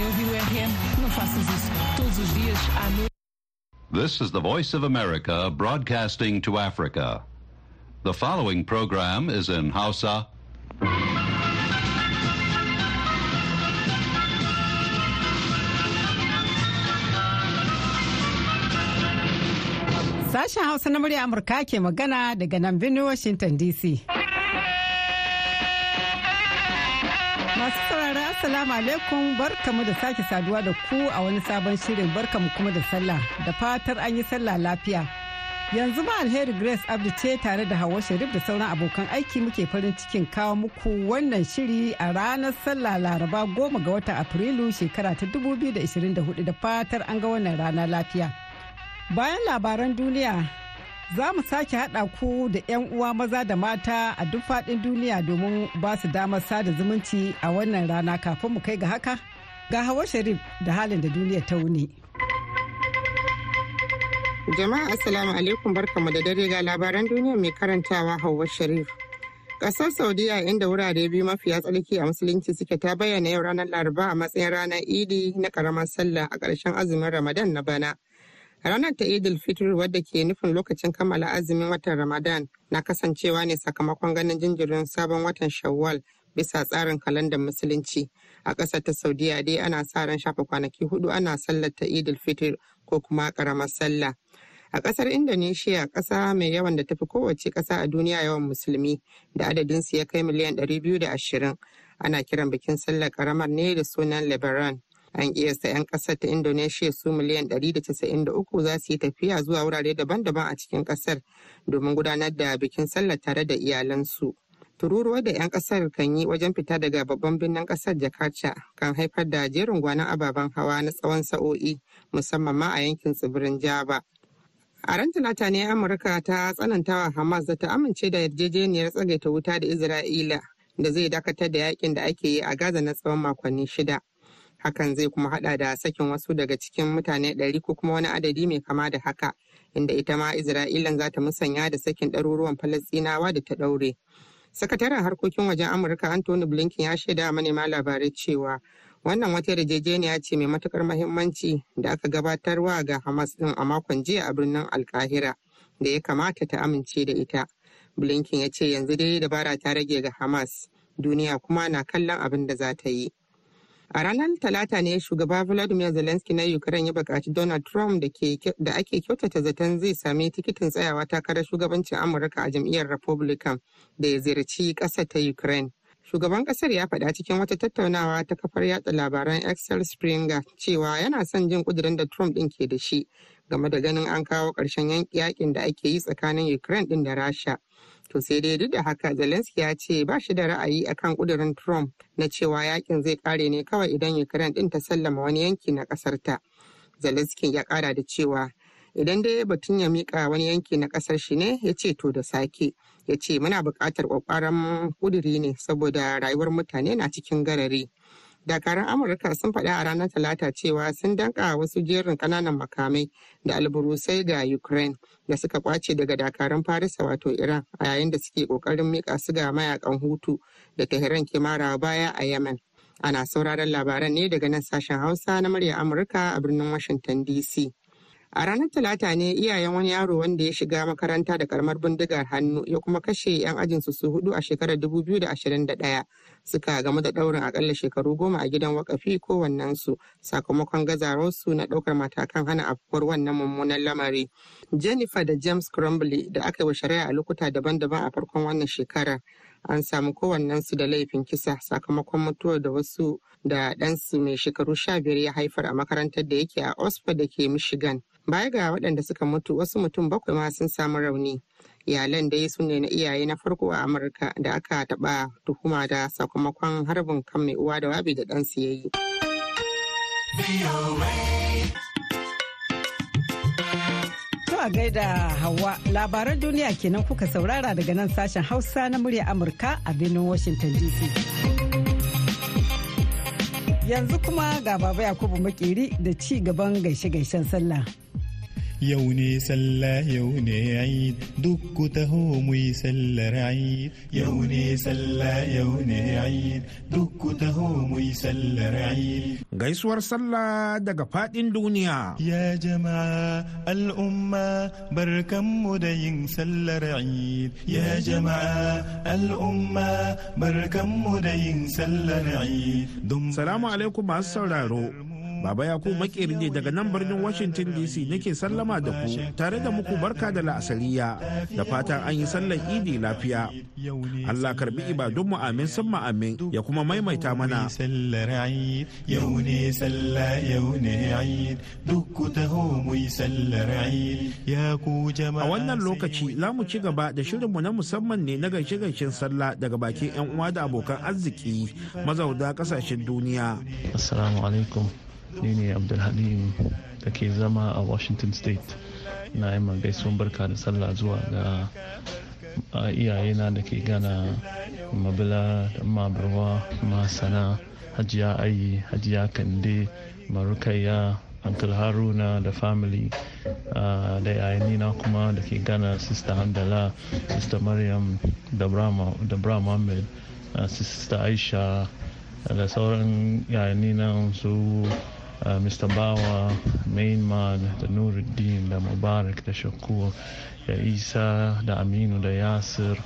o RM? Não faças isso. Todos os dias, à noite. This is the Voice of America broadcasting to Africa. The following program is in Hausa. Sashen Hausa na murya Amurka ke magana daga nan birnin Washington DC. Masu Assalamu alaikum barkamu da sake saduwa da ku a wani sabon shirin barkamu kuma da sallah da fatar an yi sallah lafiya. Yanzu ma alheri Grace Abdu ce tare da Hauwa Sharif da sauran abokan aiki muke farin cikin kawo muku wannan shiri a ranar sallah Laraba goma ga watan Afrilu shekara ta 2024 da fatar an ga wannan rana lafiya. Bayan labaran duniya za mu sake haɗa ku da 'yan uwa maza da mata a duk faɗin duniya domin ba su damar sada zumunci a wannan rana kafin mu kai ga haka ga hawa sharif da halin da duniya ta wuni. jama'a assalamu alaikum barkamu da dare ga labaran duniya mai karantawa hawa sharif kasar saudiya inda wurare biyu mafiya tsarki a musulunci suke ta bayyana yau ranar laraba a matsayin ranar idi na ƙaramar sallah a ƙarshen azumin ramadan na bana Ranar ta Idil Fitr wadda ke nufin lokacin kammala azumin watan Ramadan na kasancewa ne sakamakon ganin jinjirin sabon watan Shawwal bisa tsarin kalandar musulunci. A ƙasar ta Saudiya dai ana sa ran shafa kwanaki hudu ana sallar ta Idil Fitr ko kuma ƙaramar sallah. A ƙasar Indonesia ƙasa mai yawan da tafi kowace ƙasa a duniya yawan musulmi da adadinsu ya kai miliyan ashirin, ana kiran bikin sallar ƙaramar ne da sunan Lebaran. An kiyasta 'yan kasar ta Indonesia su miliyan 193 za su yi tafiya zuwa wurare daban-daban a cikin kasar domin gudanar da bikin sallah tare da iyalansu. tururuwa da 'yan kasar kan yi wajen fita daga babban birnin kasar jakarta kan haifar da jerin gwanon ababen hawa na tsawon sa'o'i musamman ma a yankin tsibirin java a ran talata ne amurka ta tsanantawa hamas da ta amince da yarjejeniyar tsagaita wuta da isra'ila da zai dakatar da yakin da ake yi a gaza na tsawon makonni shida hakan zai kuma hada da sakin wasu daga cikin mutane ɗari ko kuma wani adadi mai kama da haka inda ita ma isra'ilan za ta musanya da sakin ɗaruruwan falastinawa da ta ɗaure sakataren harkokin wajen amurka anthony blinken ya shaida manema labarai cewa wannan wata yarjejeniya ce mai matukar mahimmanci da aka gabatarwa ga hamas din a makon jiya a birnin alkahira da ya kamata ta amince da ita blinken ya ce yanzu dai dabara ta rage ga hamas duniya kuma na kallon abin da za ta yi A ranar Talata ne shugaba vladimir Zelensky na Ukraine ya bukaci Donald Trump da ake kyautata zaton zai sami tikitin tsayawa takarar shugabancin Amurka a jam'iyyar Republican da ya ziyarci ƙasar ta Ukraine. Shugaban ƙasar ya faɗa cikin wata tattaunawa ta kafar yatsa labaran Excel Springer cewa yana son jin ƙudurin da Trump ɗin ke da shi game da ganin an kawo ƙarshen yakin da ake yi tsakanin Ukraine ɗin da Rasha. To sai dai duk da haka Zelensky ya ce ba shi da ra'ayi akan kudurin Trump na cewa yakin zai kare ne kawai idan Ukraine din ta sallama wani yanki na kasar ta. Zelensky ya kara da cewa idan dai batun ya mika wani yanki na kasar shi ne ya ce to da sake ya ce muna bukatar ƙwaƙwaran kuduri ne saboda rayuwar mutane na cikin garari. dakarun amurka sun faɗa a ranar talata cewa sun danka wasu jerin ƙananan makamai da alburusai ga ukraine da suka kwace daga dakarun farisa wato iran a yayin da suke ƙoƙarin mika su ga mayakan hutu da tehran ke marawa baya a yemen ana sauraron labaran ne daga nan sashen hausa na murya amurka a birnin washington dc A ranar Talata ne iyayen wani yaro wanda ya shiga makaranta da karamar bindigar hannu ya kuma kashe 'yan ajinsu su hudu a shekarar 2021 suka gamu da daurin akalla shekaru goma a gidan wakafi kowannensu sakamakon gazawarsu na daukar matakan hana afkuwar wannan mummunan lamari. Jennifer da James Crumbly da aka yi wa shari'a a lokuta daban-daban a farkon wannan shekarar. an samu kowannensu da laifin kisa sakamakon mutuwar da wasu da ɗansu mai shekaru sha biyar ya haifar a makarantar da yake a Oxford da ke Michigan. baya ga waɗanda suka mutu wasu mutum bakwai ma sun samu rauni iyalan dai su ne na iyaye na farko a amurka da aka taɓa tuhuma da sakamakon harbin kan mai uwa da wabi da ɗansu ya yi a gaida hawa labaran duniya kenan kuka saurara daga nan sashen hausa na murya amurka a birnin washington dc yanzu kuma ga baba yakubu makeri da ci gaban gaishe-gaishen sallah yau ne sallah yau ne aid duk ku taho mu yi sallar aid yau ne sallah yau ne aid duk ku taho mu yi sallar aid gaisuwar sallah daga fadin duniya ya jama'a al'umma barkanmu da yin sallar aid ya jama'a al'umma barkanmu da yin sallar aid salamu alaikum masu sauraro Baba ya ku makeri ne daga nan birnin Washington DC nake sallama da ku tare da muku barka da la'asariya da fatan an yi sallar idi lafiya. Allah karbi ibadunmu amin summa amin ya kuma maimaita mana. Yau ne sallah yau ne Eid duk ku taho mu yi sallar Eid ya ku jama'a. A wannan lokaci za mu ci gaba da shirinmu na musamman ne na gaishe-gaishen sallah daga bakin 'yan uwa da abokan arziki mazauna kasashen duniya. Assalamu alaikum ni ne abdulhalim da ke zama a washington state na yi gaisuwar barka da sallah zuwa ga iyayena da ke gana mabila da mabarwa masana hajiya ayi hajiya kande marukaiya uncle haruna da family da yayani na kuma da ke gana sister handala sister maryam da brahma ahmed sister aisha da sauran yayani na su Uh, mr bawa mainman da nuruddin da mubarak da shakur da isa da aminu da yasir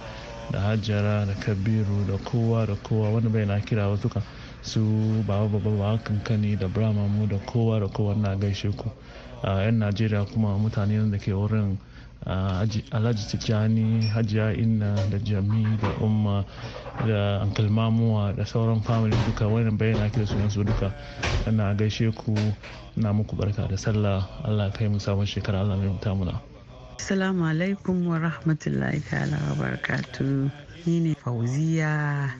da hajjara da kabiru da kowa da kowa wanda bai na kira wasu kan su baba baba ba kankani da brahma mu da kowa da kowa na gaishe ku uh, 'yan najeriya kuma mutane da ke wurin Ah, alhaji tijjani hajiya inna da jami da umma da ankal mamuwa da sauran family duka wannan bayan ake da sunan su duka ana gaishe ku na muku barka da sallah allah kai mu sabon shekara allah mai muna Assalamu alaikum wa rahmatullahi ta'ala wa barakatu. Ni ne Fauziya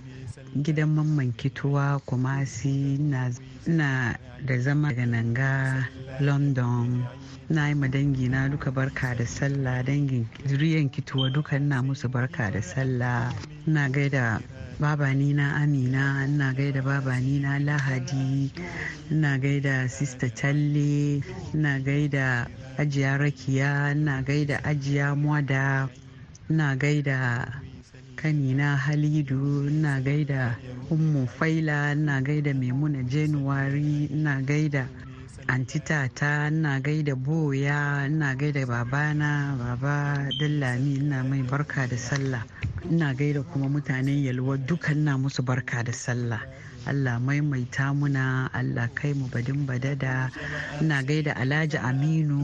gidan mamman kituwa Kumasi na da zama daga Nanga London. Na yi ma dangi na duka barka da sallah dangin zuriyan kituwa duka na musu barka da sallah. Na gaida babani na amina ina gaida babani na lahadi ina gaida sista talle ina gaida ajiya rakiya ina gaida ajiya mwada ina gaida kanina halidu ina gaida ummu faila ina gaida maimuna januwari ina gaida antitata ina gaida boya ina gaida babana baba dallami ina mai barka da sallah ina gaida kuma mutanen yalwa dukan na musu barka da sallah allah maimaita muna allah kai mu badin badada ina gaida alhaji aminu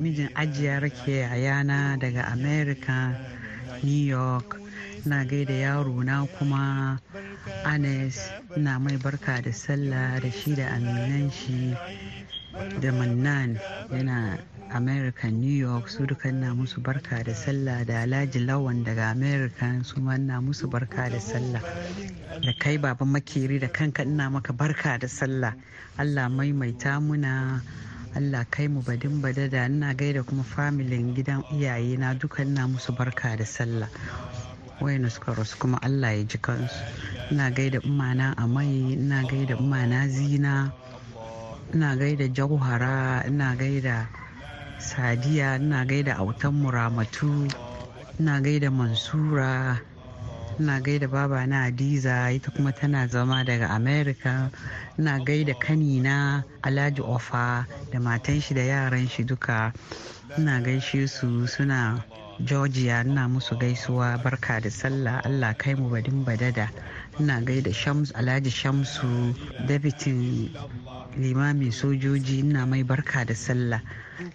mijin ajiya rake yayana daga america new york na gaida yaro na kuma anes na mai barka da sallah da shi da aminan shi da mannan yana america new york su duka na musu barka da sallah da alhaji lawan daga america su ma na musu barka da sallah da kai baban makeri da kanka ina maka barka da sallah allah maimaita muna allah kai mu badin da ina gaida kuma familin gidan iyaye na duka na musu barka da sallah wayanda suka rasu kuma allah ya ji kansu ina gaida umana a mai ina gaida umana zina ina gaida jauhara ina gaida sadiya ina gaida autan muramatu ina gaida mansura ina gaida baba na hadiza ita kuma tana zama daga america ina gaida kanina alhaji ofa da matan shi da yaran shi duka ina gaishe su suna georgia ina musu gaisuwa barka da sallah allah kai mu badin badada ina gaida shams alhaji shamsu dabitin limamin sojoji ina mai barka da sallah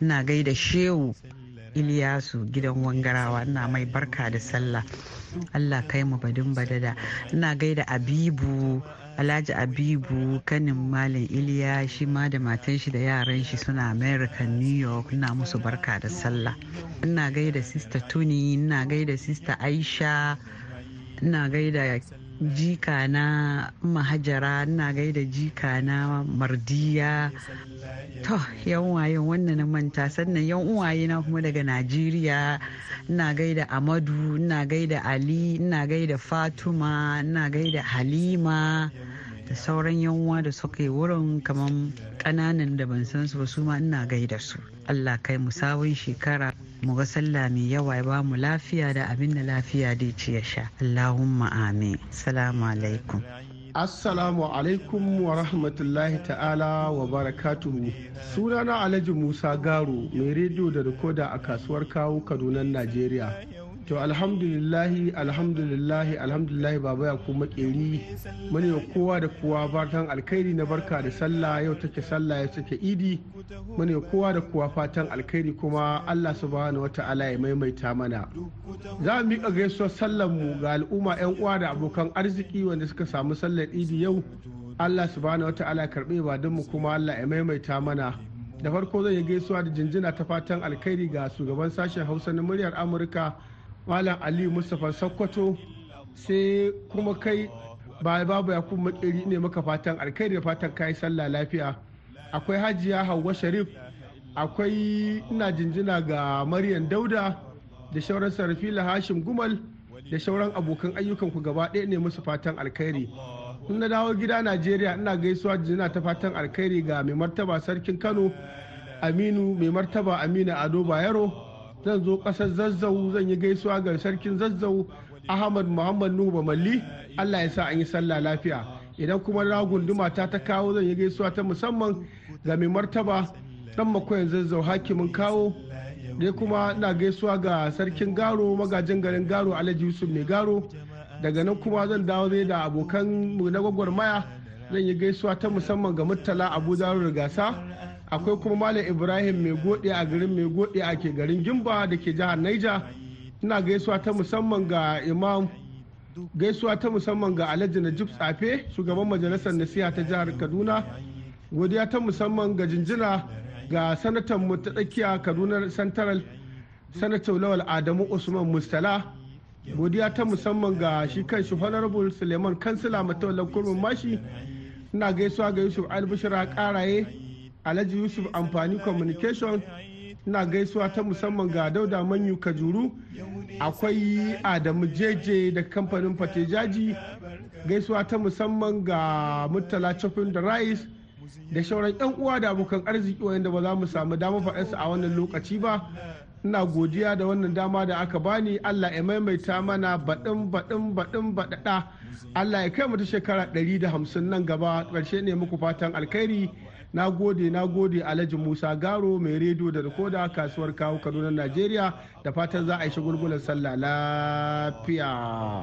ina gaida shehu iliyasu gidan wangarawa ina mai barka da sallah allah kai mu badin badada ina gaida abibu alhaji abibu kanin malin iliya shi ma da matan shi da yaran shi suna america new york ina musu barka da sallah ina gaida sista tuni ina gaida sista aisha ina gaida jika na mahajara ina gaida jika na mardiya to yan uwaye wannan na manta sannan yan uwaye na kuma daga najeriya ina gaida amadu ina gaida ali ina gaida fatuma ina gaida halima da sauran yan uwa da suka yi wurin kamar kananan da ban san su ba su ma ina gaida su allah kai mu sabon shekara mu ga sallah mai yawa ba mu lafiya da abin da lafiya dai ci ya sha allahumma amin salamu alaikum Assalamu alaikum wa rahmatullahi ta'ala wa barakatuhu. Sunana Alhaji Musa Garo, mai rediyo da rikoda a kasuwar kawo Kaduna, Najeriya. to alhamdulillahi alhamdulillahi alhamdulillahi baba ya kuma keri mani wa kowa da kowa fatan alkhairi na barka da sallah yau take sallah yau take idi mani wa kowa da kowa fatan alkhairi kuma allah subhanahu wa ta'ala ya maimaita mana za mu miƙa gaisuwar sallar mu ga al'umma yan uwa da abokan arziki wanda suka samu sallar idi yau allah subhanahu wa ta'ala karɓe ba dan mu kuma allah ya maimaita mana da farko zan yi gaisuwa da jinjina ta fatan alkhairi ga shugaban sashen hausa na muryar amurka malam aliyu mustapha sokoto sai kuma kai ba babu ya kuma makeri ne maka fatan alkhairi da fatan kayi sallah lafiya akwai hajiya hauwa sharif akwai ina jinjina ga maryam dauda da shauran sarfila hashim gumal da shauran abokan ayyukan ku gaba ɗaya ne musu fatan alkhairi in na dawo gida najeriya ina gaisuwa jina ta fatan alkhairi ga mai martaba sarkin kano aminu mai martaba amina ado bayero zan zo kasar zazzau zan yi gaisuwa ga sarkin zazzau ahmad muhammad nuba malli allah ya sa an yi sallah lafiya idan kuma na gunduma ta ta kawo zan yi gaisuwa ta musamman ga mai martaba dan makoyan zazzau hakimin kawo dai kuma na gaisuwa ga sarkin garo magajin garin garo alhaji yusuf mai garo daga nan kuma zan dawo zai da abokan na gwagwarmaya zan yi gaisuwa ta musamman ga murtala abu zaru rigasa akwai kuma malam ibrahim mai gode a garin mai gode a ke garin gimba da ke jihar naija ina gaisuwa ta musamman ga imam gaisuwa ta musamman ga alhaji najib tsafe shugaban majalisar nasiha ta jihar kaduna godiya ta musamman ga jinjina ga sanatan mu ta tsakiya kaduna central sanata lawal adamu usman mustala godiya ta musamman ga shi kan shi honorable suleiman kansila matawallan kurmin mashi ina gaisuwa ga yusuf albishira karaye alhaji yusuf amfani communication na gaisuwa ta musamman ga dauda manyu kajuru akwai adamu jeje da kamfanin fatejaji gaisuwa ta musamman ga murtala chopin da rice da shauran yan uwa da abokan arziki wanda ba za mu samu dama faɗarsa a wannan lokaci ba ina godiya da wannan dama da aka bani allah ya maimaita mana baɗin baɗin baɗin baɗaɗa allah ya kai mu ta shekara 150 nan gaba ƙarshe ne muku fatan alkhairi na gode na gode alhaji musa garo mai rediyo da rikoda kasuwar kawo kaduna najeriya da fatan za a yi shagulgulan sallah lafiya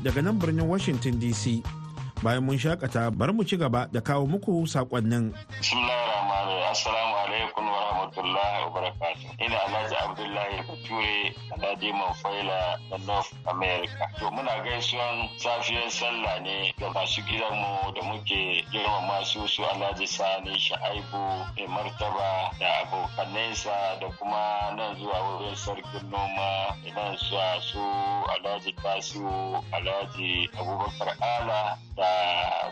daga nan birnin Washington DC. Bayan mun shakata bari mu ci gaba da kawo muku saƙonnin. alaikum wa rahmatullahi wa barakatu ina alhaji abdullahi bature alhaji mafaila na north america to muna gaisuwan safiyar sallah ne ga masu gidanmu da muke girma masu su alhaji sani sha'aibu mai martaba da abokanensa da kuma nan zuwa wurin sarkin noma nan zuwa su alhaji tasiu alhaji abubakar ala da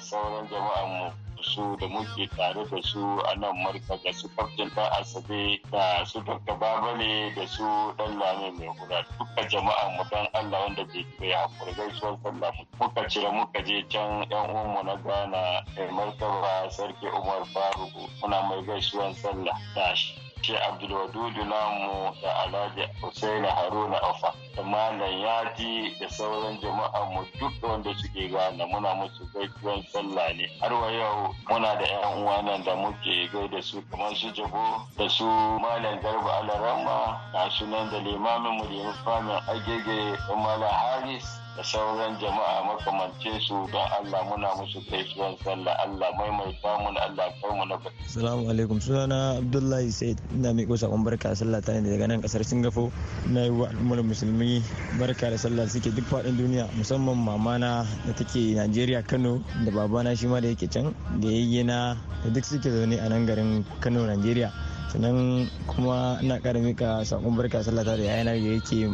sauran jama'anmu su da muke tare da su a nan marka da su kaftin da asabe da su dr ne da su dan lame mai guda duka jama'a mu dan allah wanda bai kai hakuri gaisuwar sallah muka cire muka je can yan uwanmu na gana mai martaba sarki umar faruku muna mai gaisuwan sallah tashi ce abdulwadudu namu da alhaji husaini haruna afa da malam yadi da sauran jama'a mu duk wanda suke gane muna musu gaisuwan sallah ne har wa yau muna da yan uwa nan da muke gaida su kamar su jabo da su malam garba alarama na sunan da limamin mu limamin agege da malam haris da sauran jama'a makamance su don Allah muna musu gaisuwan sallah Allah maimaita mu da Allah kai mu na baki. Assalamu alaikum sunana Abdullahi Said ina miƙo sakon barka sallah ta ne daga nan kasar Singapore na yi wa al'ummar musulmi barka da sallah suke duk faɗin duniya musamman mamana da take Najeriya Kano da babana shi ma da yake can da yayyena da duk suke zaune a nan garin Kano Najeriya. sannan kuma ina ƙara mika sakon barka sallah ta da yayin da yake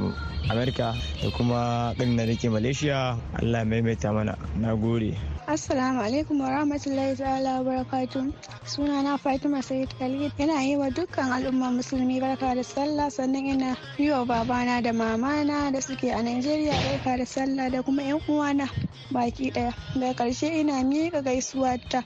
amerika da kuma ɗin da yake malaysia allah maimaita mana na gore. Assalamu alaikum wa rahmatullahi ta'ala wa barakatu. Suna na Fatima Sayyid Khalid. yana yi wa dukkan al'umma musulmi barka da sallah sannan ina yi wa babana da mamana da suke a Najeriya barka da sallah da kuma yan uwana baki daya. Da karshe ina miƙa gaisuwa ta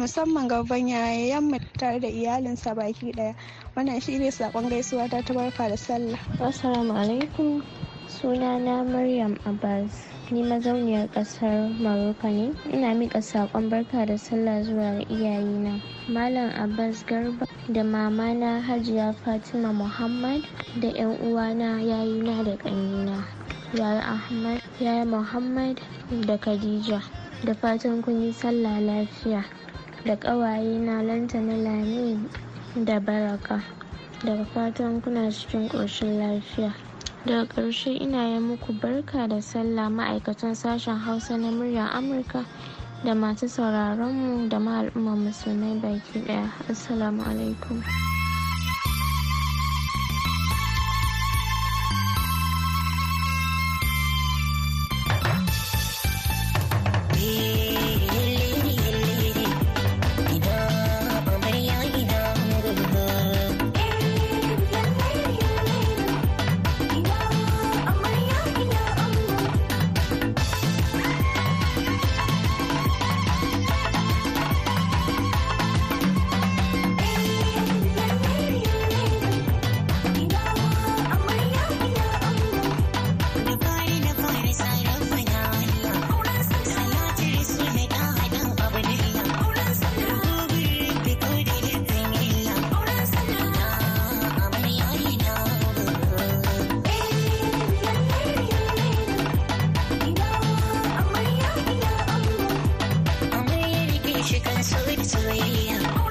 musamman ga babban yayan mu da iyalinsa baki baki daya wannan shi ne sakon gaisuwa ta tabarka da sallah assalamu alaikum sunana maryam abbas ni mazauniyar kasar maroka ne ina miƙa sakon barka da sallah zuwa ga iyayena malam abbas garba da mamana hajiya fatima muhammad da yan uwana yayina da ƙanina yaya ahmad yaya muhammad da khadija da fatan kun yi sallah lafiya da ƙawayena lantana lami da baraka daga fatan kuna cikin ƙoshin lafiya daga ƙarshe ina yi muku barka da sallah ma'aikatan sashen hausa na muryar amurka da masu sauraronmu da ma musulmai baki ɗaya assalamu alaikum chicken silly silly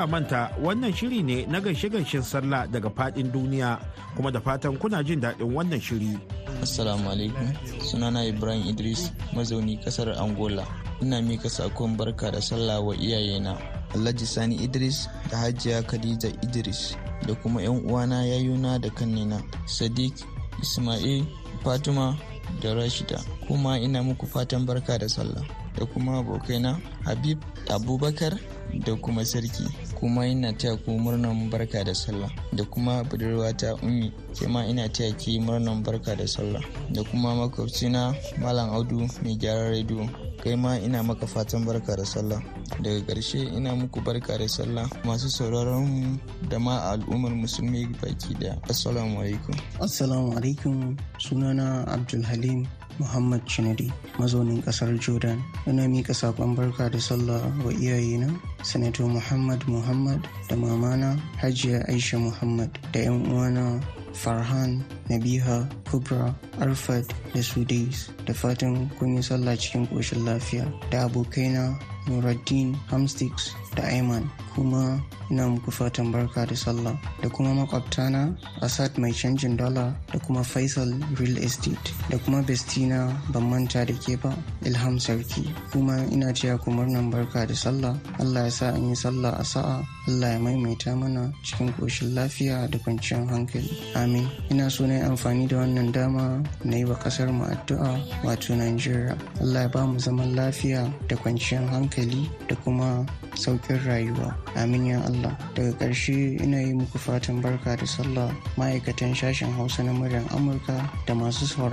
kada manta wannan shiri ne na gaishe-gaishen sallah daga fadin duniya kuma da fatan kuna jin daɗin wannan shiri. Assalamu alaikum sunana Ibrahim Idris mazauni kasar Angola. Ina mika sakon barka da sallah wa iyayena. Alhaji Sani Idris da Hajiya Khadija Idris da kuma 'yan uwana yayuna da kannina Sadiq Ismail Fatima da Rashida. Kuma ina muku fatan barka da sallah da kuma abokaina Habib Abubakar da kuma sarki kuma ina taya ku murnan barka da sallah da kuma budurwata ummi ke ma ina taya ki murnan barka da sallah da kuma makwabcina malam audu mai gyaran rediyo kai ma ina maka fatan barka da sallah daga ƙarshe ina muku barka da sallah masu sauraron mu da ma al'ummar musulmi baki da assalamu alaikum assalamu alaikum sunana abdulhalim Muhammad Chinadi mazaunin kasar Jordan. Ina mika saƙon barka da sallah wa iyayena, Sanato Muhammad Muhammad da mamana Hajiya Aisha Muhammad da 'yan uwana Farhan, Nabiha, Kubra, Arfad da Sudais da fatan kun yi sallah cikin koshin lafiya da abokaina Nuruddin Hamsticks da aiman kuma ina muku fatan barka da sallah da kuma makwabtana Asad mai canjin dala da kuma Faisal Real Estate da kuma Bestina ban manta da ke ba Ilham Sarki kuma ina cewa ku murnan barka da sallah Allah ya sa an yi sallah a sa'a Allah ya maimaita mana cikin koshin lafiya da kwanciyar hankali amin ina so na yi amfani da wannan dama na yi wa kasar mu addu'a wato nigeria Allah ya ba mu zaman lafiya da kwanciyar hankali hankali da kuma saukin rayuwa amin ya allah daga ƙarshe ina yi muku fatan barka da sallah ma'aikatan sashen hausa na muryar amurka da masu mu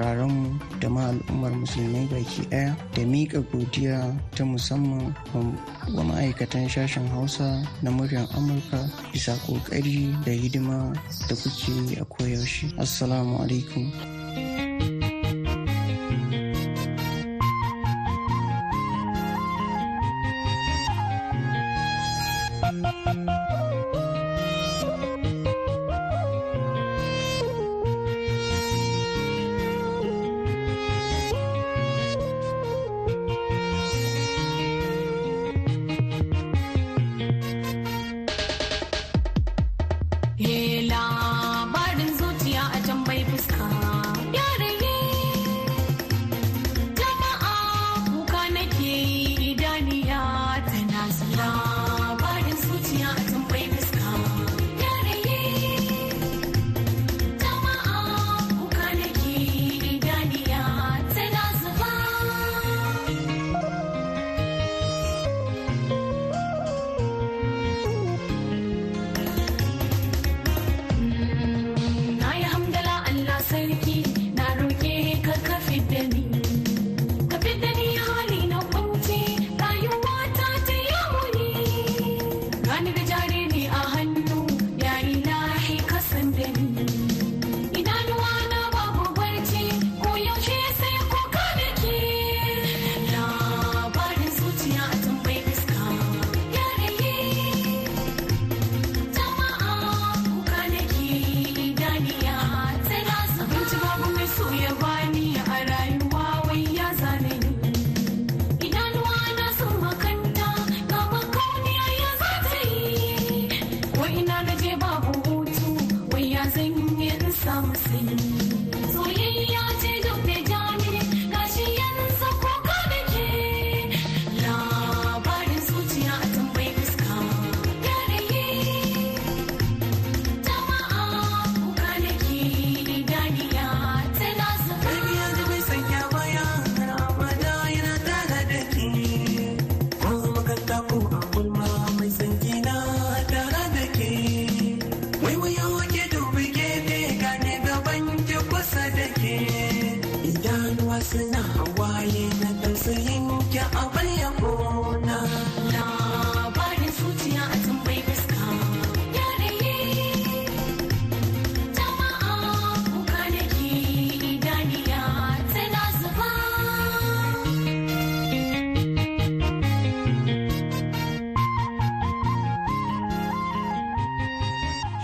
da ma al'ummar musulmai baki ɗaya da miƙa godiya ta musamman wa ma'aikatan sashen hausa na muryar amurka bisa ƙoƙari da hidima da kuke a koyaushe assalamu alaikum long.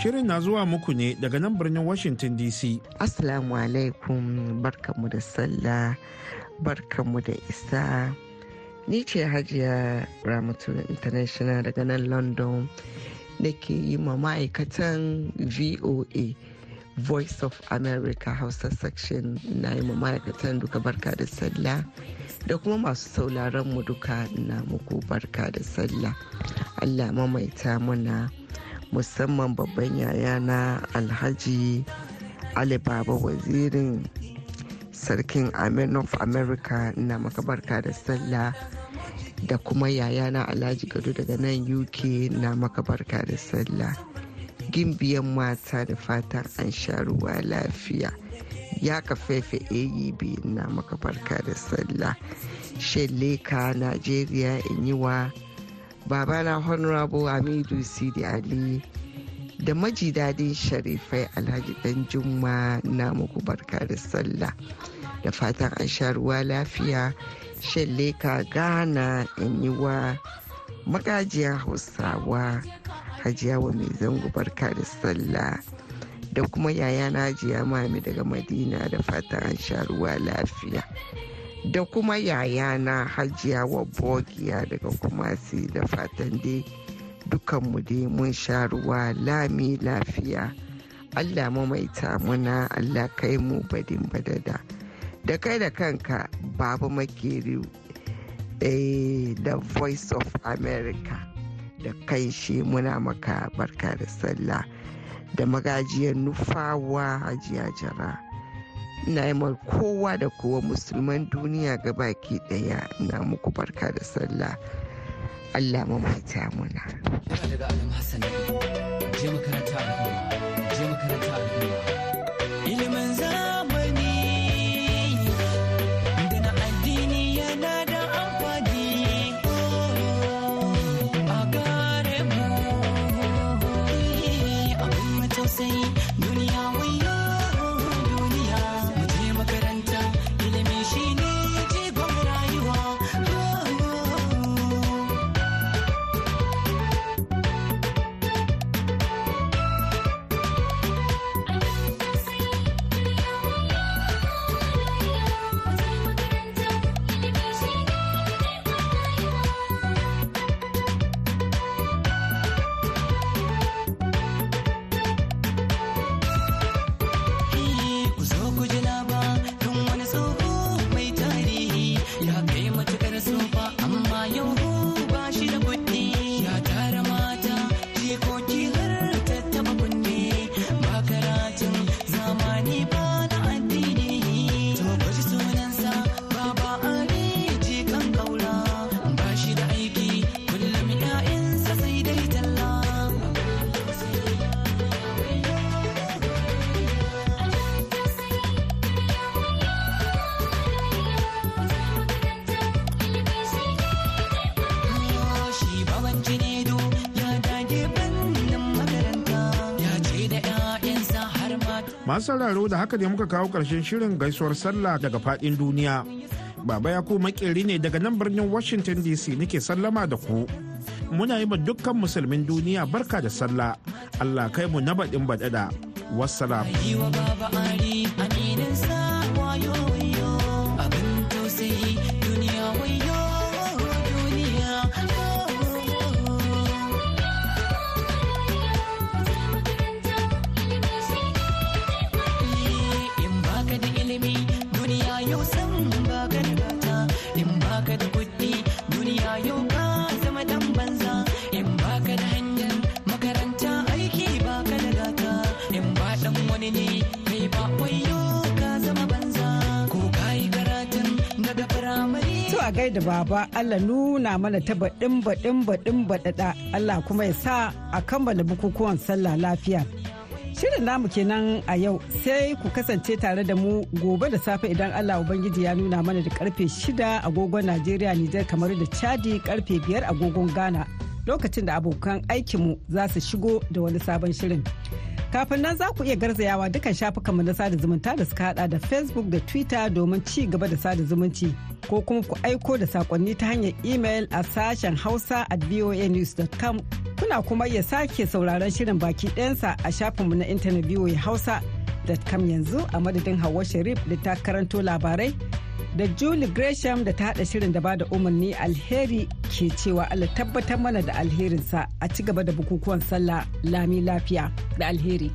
Shirin na zuwa muku ne daga nan birnin Washington DC. Assalamu alaikum barkamu da sallah barkamu da isa. Ni ce hajiya Ramatu International daga nan London da ke yi ma ma'aikatan VOA. Voice of America Hausa section na yi ma ma'aikatan duka barka da sallah da kuma masu sauraron mu duka na muku barka da sallah. Allah mamaita muna. musamman babban yaya na alhaji ali baba wazirin sarkin amen of america na makabarka da sallah da kuma yayana alhaji gado daga nan uk na makabarka da sallah gimbiyan mata da fatan an sha ruwa lafiya ya ka fefe aeb na makabarka da sallah shelleka najeriya in yi wa babana honorable hamidu sidi ali da maji dadin sharifai alhaji dan juma na muku barka da sallah da fatan an ruwa lafiya shalleka gana wa magajiyar hausawa hajiyawa wa mai zango barka da sallah da kuma yaya na hajiya mami daga madina da fatan an sha ruwa lafiya da kuma yayana hajiya wa bogiya daga kumasi da fatan dai dukanmu dai mun sha ruwa lami lafiya allah mamaita muna allah kai mu badin badada da kai da kanka babu makeri eh, da voice of america da kai shi muna maka barka da sallah da magajiyar nufawa hajiya jara ina yi kowa da kowa musulman duniya ga baki daya na muku barka da sallah allah mamaita muna daga je makaranta a je makaranta a masu sauraro da haka ne muka kawo ƙarshen shirin gaisuwar sallah daga faɗin duniya baba ya ku makeri ne daga nan birnin washington dc nake sallama da ku muna yi ma dukkan musulmin duniya barka da sallah allah kai mu na baɗin baɗaɗa wassalam da baba Allah nuna mana ta baɗin baɗin baɗin baɗaɗa Allah kuma ya sa a kammala bukukuwan sallah lafiya. Shirin namu kenan a yau sai ku kasance tare da mu gobe da safe idan Allah Ubangiji ya nuna mana da karfe shida agogon Najeriya Nijar kamar da Chadi karfe biyar agogon Ghana lokacin da abokan aikinmu za su shigo da wani sabon shirin. Kafin nan za ku iya garzayawa dukkan shafukanmu na sada zumunta da suka hada da Facebook da Twitter domin ci gaba da sada zumunci ko kuma ku aiko da sakonni ta hanyar email a sashen Hausa at voanews.com. Kuna kuma iya sake sauraron shirin baki ɗansa a shafinmu na intanet hausa.com yanzu a madadin Hauwa Sharif da ta karanto labarai da Julie Gresham da ta haɗa shirin da ba da umarni alheri ke cewa Allah tabbatar mana da alherinsa a ci gaba da bukukuwan sallah lami lafiya da alheri.